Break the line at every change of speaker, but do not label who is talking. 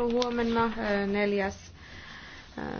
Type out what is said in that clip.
huomenna
4. Äh,